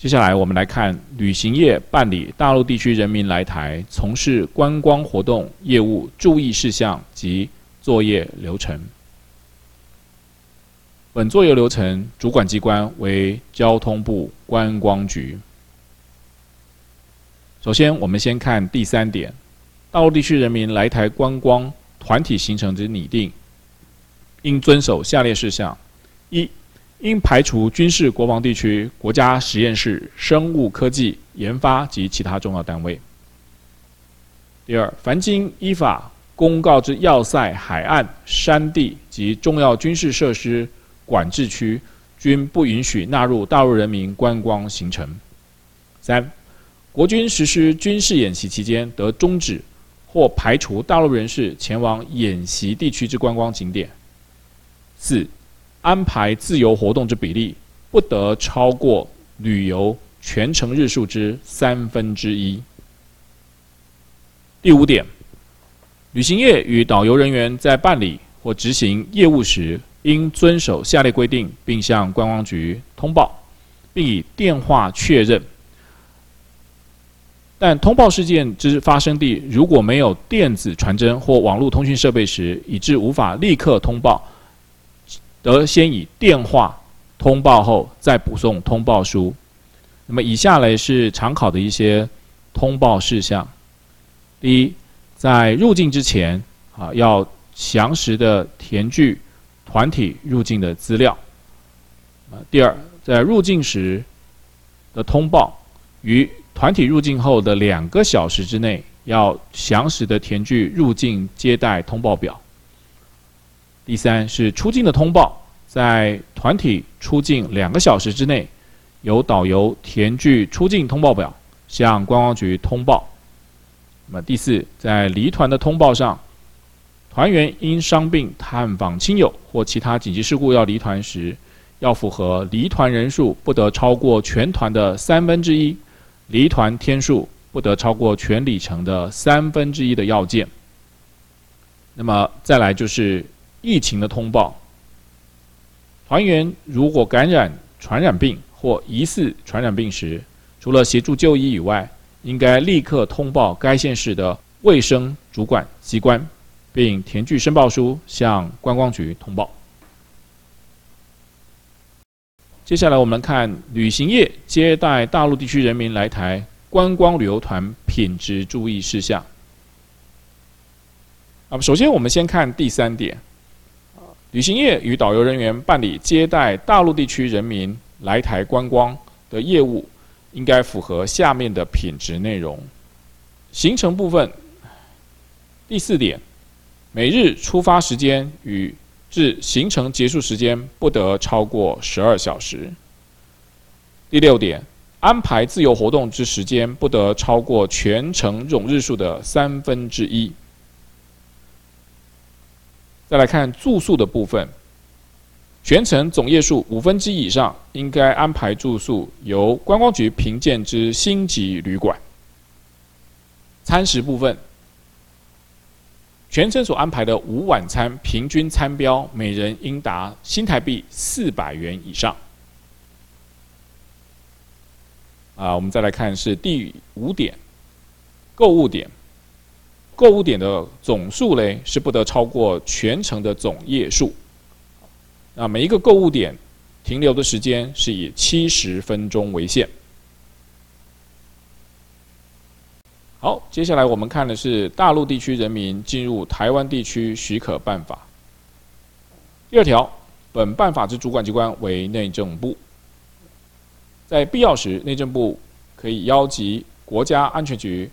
接下來，我們來看旅行業辦理大陸地區人民來台從事觀光活動業務注意事項及作業流程。本作業流程主管機關為交通部觀光局。首先，我們先看第三點：大陸地區人民來台觀光團體行程之擬定，應遵守下列事項：一、應排除軍事國防地區、國家實驗室、生物科技研發及其他重要單位。第二，凡經依法公告之要塞、海岸、山地及重要軍事設施管制區，均不允許納入大陸人民觀光行程。三、國軍實施軍事演習期間，得終止或排除大陸人士前往演習地區之觀光景點。四、安排自由活動之比例不得超過旅遊全程日數之三分之一。第五點，旅行業與導遊人員在辦理或執行業務時，應遵守下列規定，並向觀光局通報，並以電話確認。但通報事件之發生地如果沒有電子傳真或網絡通訊設備時，以致無法立刻通報，得先以電話通報後再補送通報書。那麼以下呢是常考的一些通報事項：第一，在入境之前啊，要詳實的填具團體入境的資料；第二，在入境時的通報於團體入境後的兩個小時之內，要詳實的填具入境接待通報表。第三是出境的通報，在團體出境兩個小時之內，由導遊填具出境通報表，向觀光局通報。那麼第四，在離團的通報上，團員因傷病、探訪親友或其他緊急事故要離團時，要符合離團人數不得超過全團的三分之一，離團天數不得超過全旅程的三分之一的要件。那麼再來就是。疫情的通報。團員如果感染傳染病或疑似傳染病時，除了協助就醫以外，應該立刻通報該縣市的衛生主管機關，並填具申報書向觀光局通報。接下來，我們看旅行業接待大陸地區人民來台觀光旅遊團品質注意事項。啊，首先我們先看第三點。旅行業與導遊人員辦理接待大陸地區人民來台觀光的業務，應該符合下面的品質內容：行程部分，第四點，每日出發時間與至行程結束時間不得超過十二小時；第六點，安排自由活動之時間不得超過全程總日數的三分之一。再來看住宿的部分，全程總夜數五分之一以上，應該安排住宿由觀光局評鑑之星級旅館。餐食部分，全程所安排的午晚餐平均餐標每人應達新台幣四百元以上。啊，我們再來看是第五點，購物點。購物點的總數嘞，是不得超過全程的總夜數，那每一個購物點停留的時間是以七十分鐘為限。好，接下來我們看的是大陸地區人民進入台灣地區許可辦法。第二條，本辦法之主管機關為內政部。在必要時，內政部可以邀集國家安全局、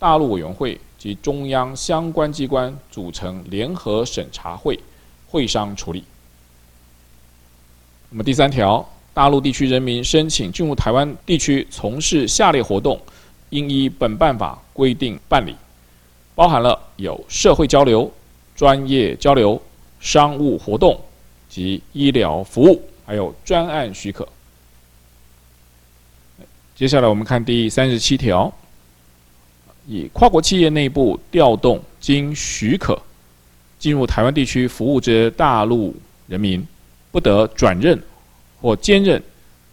大陸委員會。及中央相關機關組成聯合審查會，會商處理。那麼第三條，大陸地區人民申請進入台灣地區從事下列活動，應依本辦法規定辦理，包含了有社會交流、專業交流、商務活動及醫療服務，還有專案許可。接下來我們看第三十七條。以跨國企業內部調動，經許可進入台灣地區服務之大陸人民，不得轉任或兼任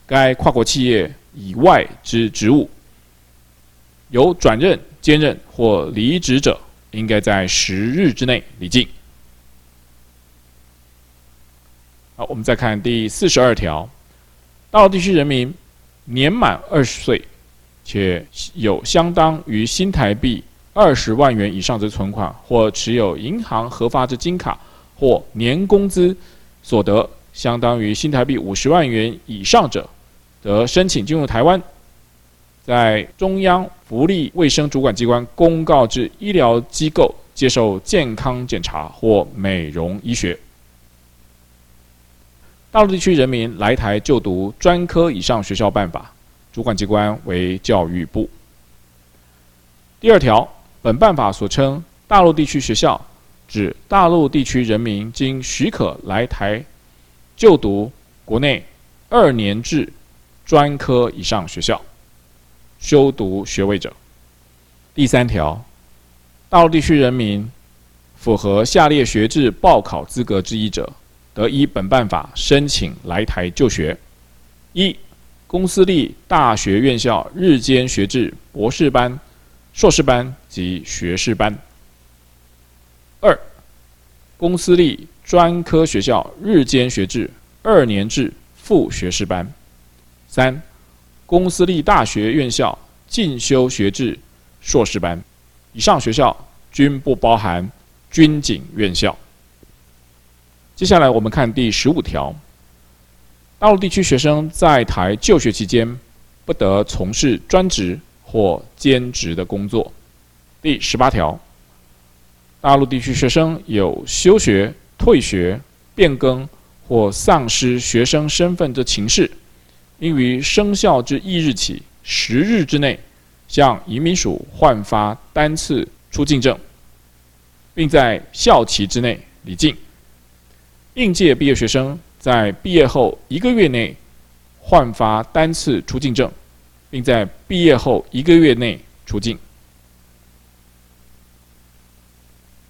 該跨國企業以外之職務。有轉任、兼任或離職者，應該在十日之內離境。好，我們再看第四十二條，大陸地區人民年滿二十歲，且有相當於新台幣二十萬元以上之存款，或持有銀行核發之金卡，或年工資所得相當於新台幣五十萬元以上者，得申請進入台灣，在中央福利衛生主管機關公告之醫療機構接受健康檢查或美容醫學。大陸地區人民來台就讀專科以上學校辦法。主管機關為教育部。第二條，本辦法所稱大陸地區學校，指大陸地區人民經許可來台就讀國內二年制專科以上學校修讀學位者。第三條，大陸地區人民符合下列學制報考資格之一者，得依本辦法申請來台就學。一公司立大學院校日間學制博士班、碩士班及學士班；二、公司立專科學校日間學制二年制副學士班；三、公司立大學院校進修學制碩士班。以上學校均不包含軍警院校。接下來我們看第十五條。大陸地區學生在台就學期間，不得從事專職或兼職的工作。第十八條，大陸地區學生有休學、退學、變更或喪失學生身份之情事，應於生效之翌日起十日之內，向移民署換發單次出境證，並在校期之內離境。應屆畢業學生，在畢業後一個月內換發單次出境證，並在畢業後一個月內出境。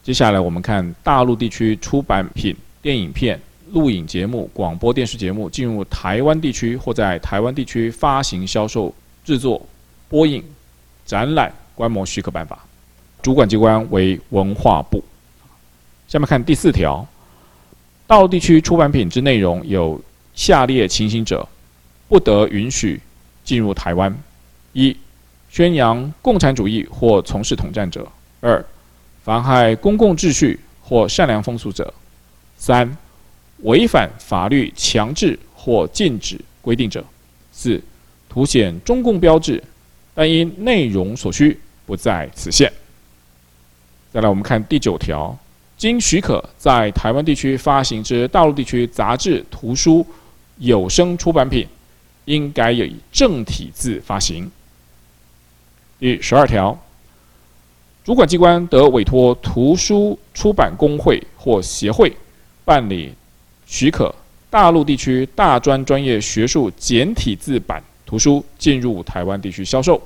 接下來我們看大陸地區出版品、電影片、錄影節目、廣播電視節目進入台灣地區或在台灣地區發行、銷售、制作、播映、展覽、觀摩許可辦法，主管機關為文化部。下面看第四條。大陸地區出版品之內容有下列情形者，不得允許進入臺灣：一、宣揚共產主義或從事統戰者；二、妨害公共秩序或善良風俗者；三、違反法律強制或禁止規定者；四、凸顯中共標誌，但因內容所需，不在此限。再來，我們看第九條。經許可，在台灣地區發行之大陸地區雜誌、圖書、有聲出版品，應改以正體字發行。第十二條，主管機關得委托圖書出版公會或協會辦理許可大陸地區大專專業學術簡體字版圖書進入台灣地區銷售。